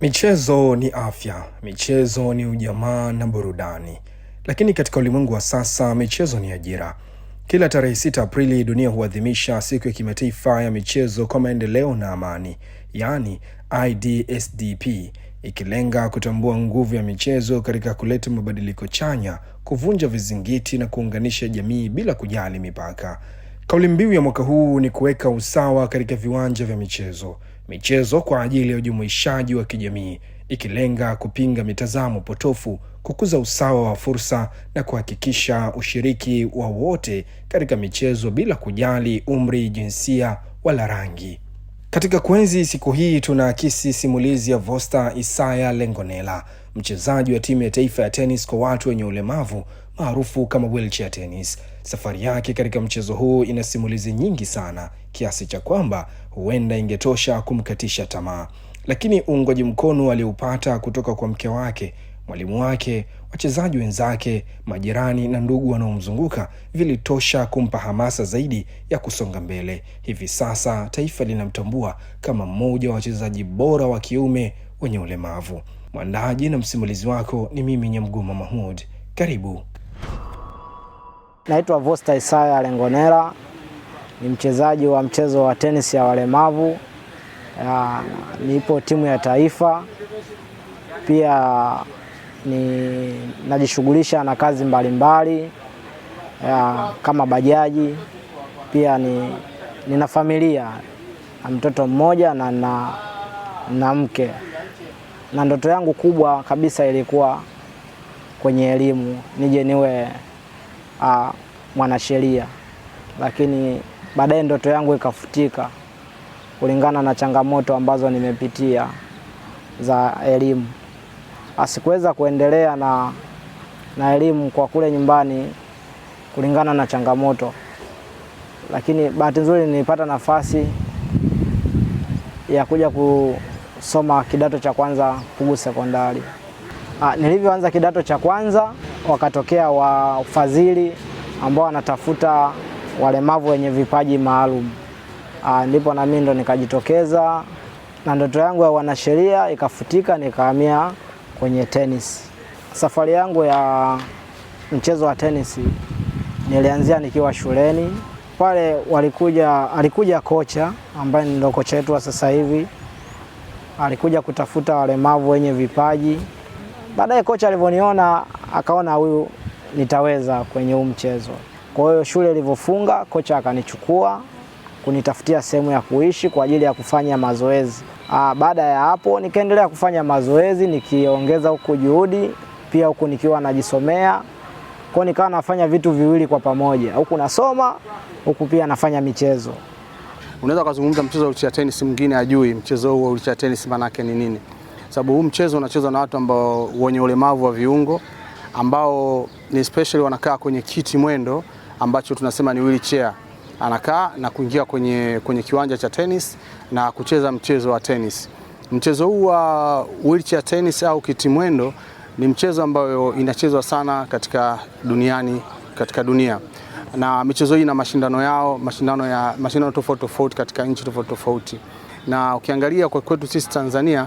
Michezo ni afya, michezo ni ujamaa na burudani, lakini katika ulimwengu wa sasa michezo ni ajira. Kila tarehe 6 Aprili dunia huadhimisha siku ya kimataifa ya michezo kwa maendeleo na amani, yaani IDSDP, ikilenga kutambua nguvu ya michezo katika kuleta mabadiliko chanya, kuvunja vizingiti na kuunganisha jamii bila kujali mipaka. Kauli mbiu ya mwaka huu ni kuweka usawa katika viwanja vya michezo michezo kwa ajili ya ujumuishaji wa kijamii ikilenga kupinga mitazamo potofu, kukuza usawa wa fursa na kuhakikisha ushiriki wa wote katika michezo bila kujali umri, jinsia wala rangi. Katika kuenzi siku hii tunaakisi simulizi ya Vosta Isaya Lengonela, mchezaji wa timu ya taifa ya tenis kwa watu wenye ulemavu maarufu kama wheelchair tennis. Safari yake katika mchezo huu ina simulizi nyingi sana kiasi cha kwamba huenda ingetosha kumkatisha tamaa, lakini uungwaji mkono aliupata kutoka kwa mke wake, mwalimu wake, wachezaji wenzake, majirani na ndugu wanaomzunguka vilitosha kumpa hamasa zaidi ya kusonga mbele. Hivi sasa taifa linamtambua kama mmoja wa wachezaji bora wa kiume wenye ulemavu. Mwandaji na msimulizi wako ni mimi Nyamguma Mahmud. Karibu. Naitwa Vosta Isaya Lengonera, ni mchezaji wa mchezo wa tenisi ya walemavu. Nipo timu ya taifa, pia ni najishughulisha na kazi mbalimbali mbali, kama bajaji. Pia ni nina familia na mtoto mmoja na, na, na mke, na ndoto yangu kubwa kabisa ilikuwa kwenye elimu, nije niwe mwanasheria, lakini baadaye ndoto yangu ikafutika kulingana na changamoto ambazo nimepitia za elimu. Asikuweza kuendelea na, na elimu kwa kule nyumbani kulingana na changamoto, lakini bahati nzuri nilipata nafasi ya kuja kusoma kidato cha kwanza Pugu Sekondari. Nilivyoanza kidato cha kwanza wakatokea wafadhili ambao wanatafuta walemavu wenye vipaji maalum, ah, ndipo na mimi ndo nikajitokeza na ndoto yangu ya wanasheria ikafutika, nikahamia kwenye tenis Safari yangu ya mchezo wa tenisi nilianzia nikiwa shuleni pale, walikuja alikuja kocha ambaye ndio kocha wetu wa sasa hivi, alikuja kutafuta walemavu wenye vipaji Baadaye kocha alivyoniona akaona huyu nitaweza kwenye huu mchezo. Kwa hiyo shule ilivyofunga, kocha akanichukua kunitafutia sehemu ya kuishi kwa ajili ya kufanya mazoezi. Ah, baada ya hapo nikaendelea kufanya mazoezi nikiongeza huku juhudi pia, huku nikiwa najisomea kwa nikawa nafanya vitu viwili kwa pamoja, huku nasoma, huku pia nafanya michezo. Unaweza kuzungumza mchezo wa wheelchair tennis, mwingine ajui mchezo huo wa tenisi tennis maana ni nini? sababu huu mchezo unachezwa na watu ambao wenye ulemavu wa viungo ambao ni especially wanakaa kwenye kiti mwendo ambacho tunasema ni wheelchair anakaa na kuingia kwenye, kwenye kiwanja cha tennis na kucheza mchezo wa tennis. Mchezo huu wa wheelchair tennis au kiti mwendo ni mchezo ambayo inachezwa sana katika duniani katika dunia, na michezo hii ina mashindano yao mashindano ya mashindano tofauti tofauti katika nchi tofauti tofauti, na ukiangalia kwa kwetu sisi Tanzania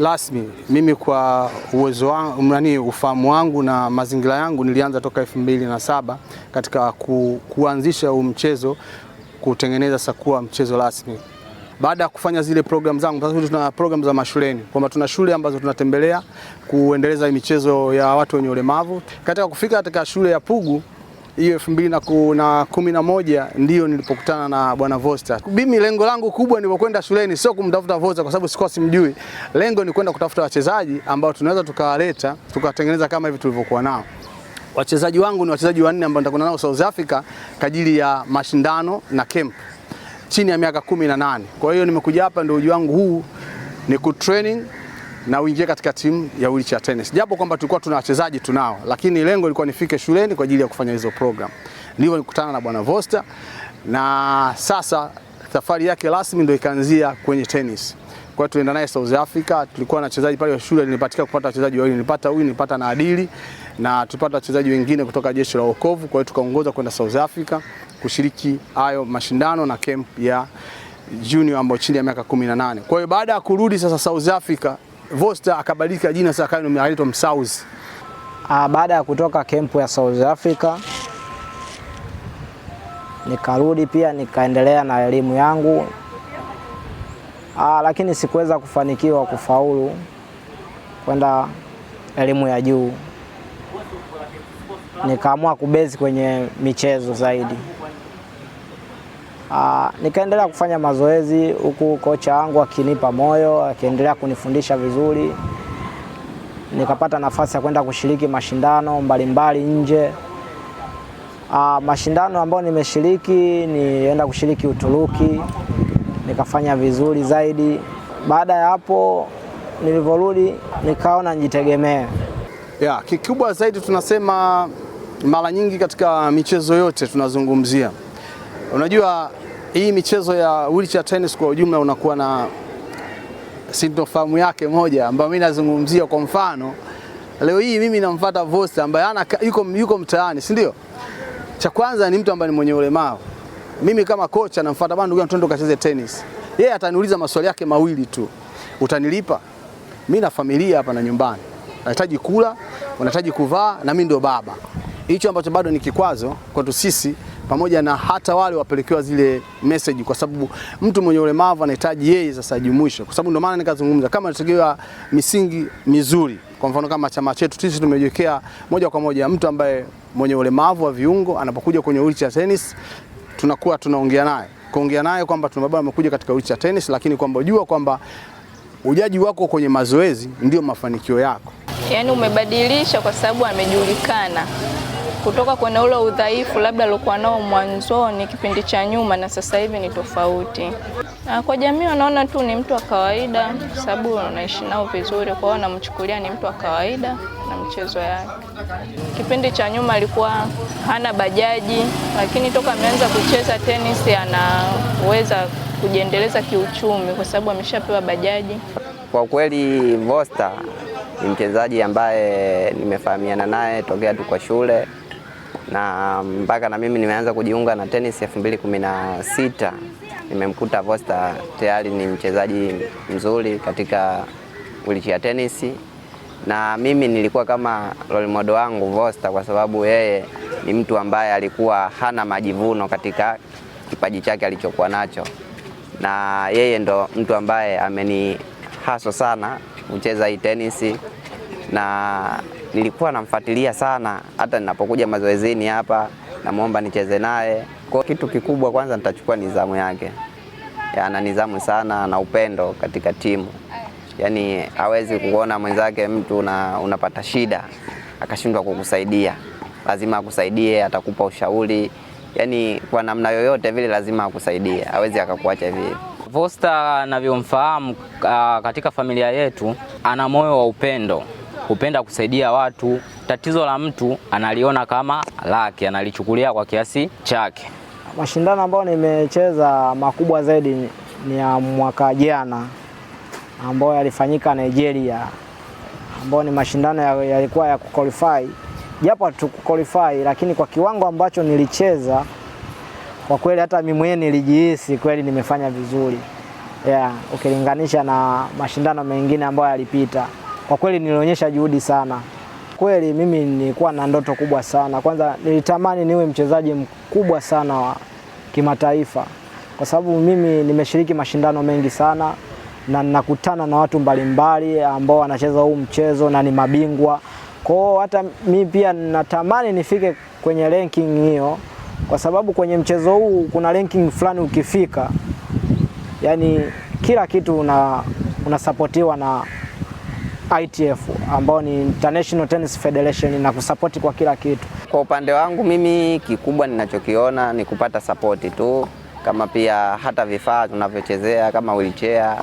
rasmi mimi kwa uwezo wangu, yani ufahamu wangu na mazingira yangu, nilianza toka elfu mbili na saba katika ku, kuanzisha huu mchezo kutengeneza sakuwa mchezo rasmi baada ya kufanya zile programu zangu, sasa tuna programu za mashuleni kwamba tuna shule ambazo tunatembelea kuendeleza michezo ya watu wenye ulemavu. Katika kufika katika shule ya Pugu hiyo elfu mbili na kumi na moja ndiyo nilipokutana na bwana Vosta. Mimi lengo langu kubwa nilipokwenda shuleni sio kumtafuta Vosta kwa sababu sikuwa simjui. Lengo ni kwenda kutafuta wachezaji ambao tunaweza tukawaleta tukatengeneza kama hivi tulivyokuwa nao. Wachezaji wangu ni wachezaji wanne ambao nitakwenda nao South Africa kwa ajili ya mashindano na camp chini ya miaka kumi na nane. Kwa hiyo nimekuja hapa ndio uji wangu huu ni training na uingie katika timu ya wheelchair tennis. Japo kwamba tulikuwa tuna wachezaji tunao, lakini lengo lilikuwa nifike shuleni kwa ajili ya kufanya hizo program. Ndivyo nikutana na Bwana Vosta na sasa safari yake rasmi ndio ikaanzia kwenye tennis. Kwa hiyo tulienda naye South Africa, tulikuwa na wachezaji pale wa shule, nilipatika kupata wachezaji wawili, nilipata huyu, nilipata na Adili na tulipata wachezaji wengine kutoka Jeshi la Wokovu. Kwa hiyo tukaongoza kwenda South Africa kushiriki hayo mashindano na camp ya junior ambao chini ya miaka 18. Kwa hiyo baada ya kurudi sasa South Africa Vosta akabadilika jina sasa akawa anaitwa Msauzi. Ah, baada ya kutoka kempu ya South Africa nikarudi pia nikaendelea na elimu yangu aa, ah, lakini sikuweza kufanikiwa kufaulu kwenda elimu ya juu, nikaamua kubezi kwenye michezo zaidi. Aa, ah, nikaendelea kufanya mazoezi huku kocha wangu akinipa moyo, akiendelea kunifundisha vizuri. Nikapata nafasi ya kwenda kushiriki mashindano mbalimbali mbali nje. Aa, ah, mashindano ambayo nimeshiriki nienda kushiriki Uturuki, nikafanya vizuri zaidi. Baada ya hapo nilivyorudi nikaona nijitegemee. Yeah, kikubwa zaidi tunasema mara nyingi katika michezo yote tunazungumzia Unajua hii michezo ya wheelchair tennis kwa ujumla unakuwa na sintofahamu yake moja ambayo mimi nazungumzia. Kwa mfano leo hii mimi namfuata Vosta ambaye ana yuko, yuko mtaani, si ndio? Cha kwanza ni mtu ambaye ni mwenye ulemavu. Mimi kama kocha namfuata bwana, ndugu yangu, twende tukacheze tennis. Yeye ataniuliza maswali yake mawili tu, utanilipa? Mimi na familia hapa na nyumbani, nahitaji kula, unahitaji kuvaa, na mimi ndio baba. Hicho ambacho bado ni kikwazo kwetu sisi pamoja na hata wale wapelekewa zile message, kwa sababu mtu mwenye ulemavu anahitaji yeye sasa ajumuishwe, kwa sababu ndio maana nikazungumza kama tutegewa misingi mizuri. Kwa mfano kama chama chetu sisi tumejiwekea moja kwa moja, mtu ambaye mwenye ulemavu wa viungo anapokuja kwenye wheelchair tennis, tunakuwa tunaongea naye kuongea naye kwamba tunababa amekuja katika wheelchair tennis, lakini kwamba jua kwamba ujaji wako kwenye mazoezi ndio mafanikio yako. Yaani umebadilisha kwa sababu amejulikana kutoka kwenye ule udhaifu labda alikuwa nao mwanzoni kipindi cha nyuma, na sasa hivi ni tofauti. Kwa jamii wanaona tu ni mtu wa kawaida, sababu anaishi nao vizuri, kwao hiyo namchukulia ni mtu wa kawaida na mchezo yake. Kipindi cha nyuma alikuwa hana bajaji, lakini toka ameanza kucheza tenisi anaweza kujiendeleza kiuchumi kwa sababu ameshapewa bajaji. Kwa kweli Vosta ni mchezaji ambaye nimefahamiana naye tokea tu kwa shule na mpaka na mimi nimeanza kujiunga na tenisi 2016 nimemkuta Vosta tayari ni mchezaji mzuri katika wilichi ya tenisi, na mimi nilikuwa kama role model wangu Vosta, kwa sababu yeye ni mtu ambaye alikuwa hana majivuno katika kipaji chake alichokuwa nacho, na yeye ndo mtu ambaye ameni haso sana kucheza hii tenisi na nilikuwa namfuatilia sana, hata ninapokuja mazoezini hapa namwomba nicheze naye. Kwa kitu kikubwa kwanza nitachukua nidhamu yake, ana nidhamu sana na upendo katika timu, yaani hawezi kuona mwenzake mtu na unapata shida akashindwa kukusaidia, lazima akusaidie, atakupa ushauri, yaani kwa namna yoyote vile lazima akusaidie, hawezi akakuacha hivi. Vosta anavyomfahamu ah, katika familia yetu, ana moyo wa upendo hupenda kusaidia watu. Tatizo la mtu analiona kama lake, analichukulia kwa kiasi chake. Mashindano ambayo nimecheza makubwa zaidi ni ya mwaka jana ambayo yalifanyika Nigeria, ambayo ni mashindano yalikuwa ya kuqualify, japo hatukuqualify, lakini kwa kiwango ambacho nilicheza kwa kweli hata mimi mwenyewe nilijihisi kweli nimefanya vizuri yeah, ukilinganisha na mashindano mengine ambayo yalipita kwa kweli nilionyesha juhudi sana. Kweli mimi nilikuwa na ndoto kubwa sana, kwanza nilitamani niwe mchezaji mkubwa sana wa kimataifa, kwa sababu mimi nimeshiriki mashindano mengi sana na nakutana na watu mbalimbali ambao wanacheza huu mchezo na ni mabingwa. Kwa hiyo hata mi pia natamani nifike kwenye ranking hiyo, kwa sababu kwenye mchezo huu kuna ranking fulani ukifika, yani kila kitu unasapotiwa na ITF ambao ni International Tennis Federation na kusapoti kwa kila kitu. Kwa upande wangu mimi, kikubwa ninachokiona ni kupata sapoti tu, kama pia hata vifaa tunavyochezea kama wheelchair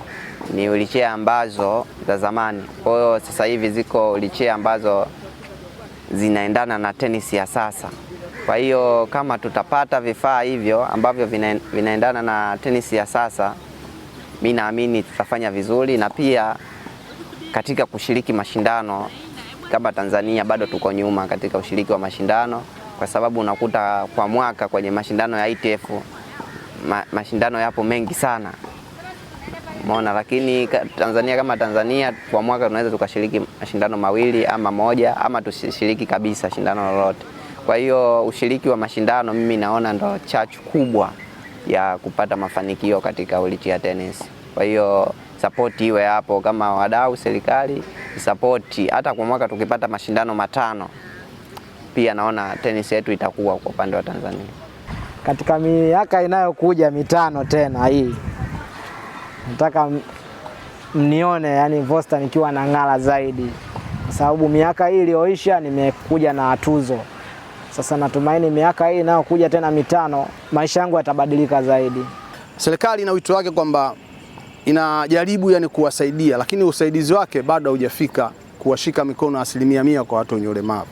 ni wheelchair ambazo za zamani, kwa hiyo sasa hivi ziko wheelchair ambazo zinaendana na tenisi ya sasa. Kwa hiyo kama tutapata vifaa hivyo ambavyo vinaendana na tenisi ya sasa, mi naamini tutafanya vizuri na pia katika kushiriki mashindano kama Tanzania bado tuko nyuma katika ushiriki wa mashindano, kwa sababu unakuta kwa mwaka kwenye mashindano ya ITF ma, mashindano yapo mengi sana mona lakini Tanzania kama Tanzania kwa mwaka tunaweza tukashiriki mashindano mawili ama moja ama tusishiriki kabisa shindano lolote. Kwa hiyo ushiriki wa mashindano mimi naona ndo chachu kubwa ya kupata mafanikio katika wheelchair tennis. Kwa hiyo support iwe hapo, kama wadau serikali sapoti. Hata kwa mwaka tukipata mashindano matano, pia naona tenisi yetu itakuwa kwa upande wa Tanzania katika miaka inayokuja mitano tena hii. Nataka mnione yani Vosta nikiwa na ng'ara zaidi, kwa sababu miaka hii iliyoisha nimekuja na tuzo. Sasa natumaini miaka hii inayokuja tena mitano, maisha yangu yatabadilika zaidi. Serikali ina wito wake kwamba inajaribu yani kuwasaidia, lakini usaidizi wake bado haujafika kuwashika mikono asilimia mia kwa watu wenye ulemavu.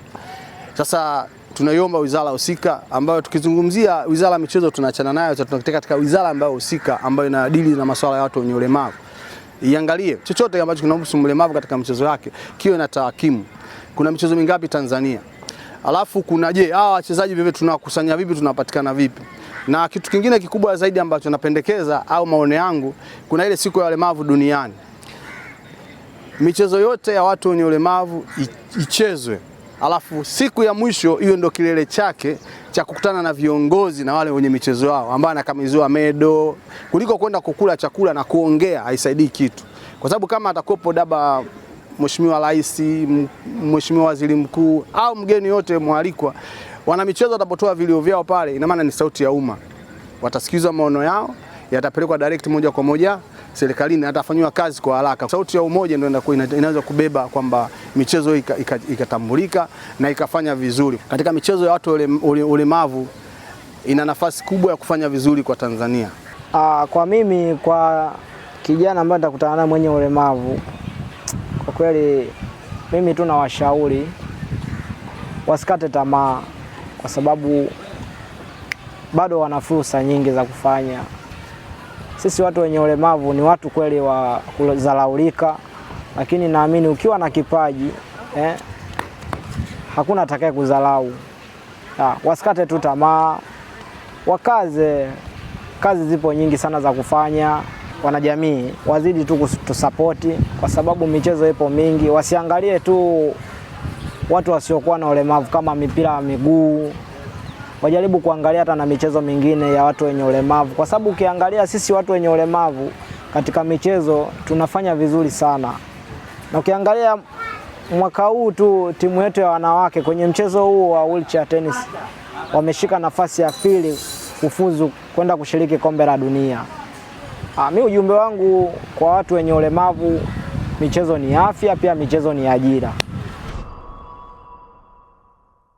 Sasa tunaiomba wizara husika, ambayo tukizungumzia wizara ya michezo tunaachana nayo, tunataka katika wizara ambayo husika ambayo inadili na masuala ya watu wenye ulemavu iangalie chochote ambacho kinahusu mlemavu katika michezo yake kiwe na tahakimu. Kuna michezo mingapi Tanzania? alafu kuna je, hawa wachezaji vipi tunawakusanya vipi, tunapatikana vipi? Na kitu kingine kikubwa zaidi ambacho napendekeza au maone yangu, kuna ile siku ya walemavu duniani, michezo yote ya watu wenye ulemavu ichezwe, alafu siku ya mwisho hiyo ndio kilele chake cha kukutana na viongozi na wale wenye michezo yao ambao anakamiziwa medo kuliko kwenda kukula chakula na kuongea, haisaidii kitu, kwa sababu kama atakuwepo daba Mheshimiwa Rais, Mheshimiwa Waziri Mkuu au mgeni yote mwalikwa, wanamichezo watapotoa vilio vyao pale, ina maana ni sauti ya umma, watasikizwa maono yao yatapelekwa direct moja kwa moja serikalini, atafanywa kazi kwa haraka. Sauti ya umoja ndio inaweza kubeba kwamba michezo ikatambulika ika, ika na ikafanya vizuri. Katika michezo ya watu ulemavu ina nafasi kubwa ya kufanya vizuri kwa Tanzania. Aa, kwa mimi kwa kijana ambaye nitakutana naye mwenye ulemavu kweli, mimi tu nawashauri wasikate tamaa, kwa sababu bado wana fursa nyingi za kufanya. Sisi watu wenye ulemavu ni watu kweli wa kudharaulika, lakini naamini ukiwa na kipaji eh, hakuna atakaye kudharau. Ah, wasikate tu tamaa, wakaze. Kazi zipo nyingi sana za kufanya wanajamii wazidi tu kutusapoti, kwa sababu michezo ipo mingi. Wasiangalie tu watu wasiokuwa na ulemavu kama mipira ya miguu, wajaribu kuangalia hata na michezo mingine ya watu wenye ulemavu, kwa sababu ukiangalia sisi watu wenye ulemavu katika michezo tunafanya vizuri sana, na ukiangalia mwaka huu tu timu yetu ya wanawake kwenye mchezo huu wa wheelchair tennis wameshika nafasi ya pili kufuzu kwenda kushiriki kombe la dunia. Ah, mi ujumbe wangu kwa watu wenye ulemavu, michezo ni afya, pia michezo ni ajira.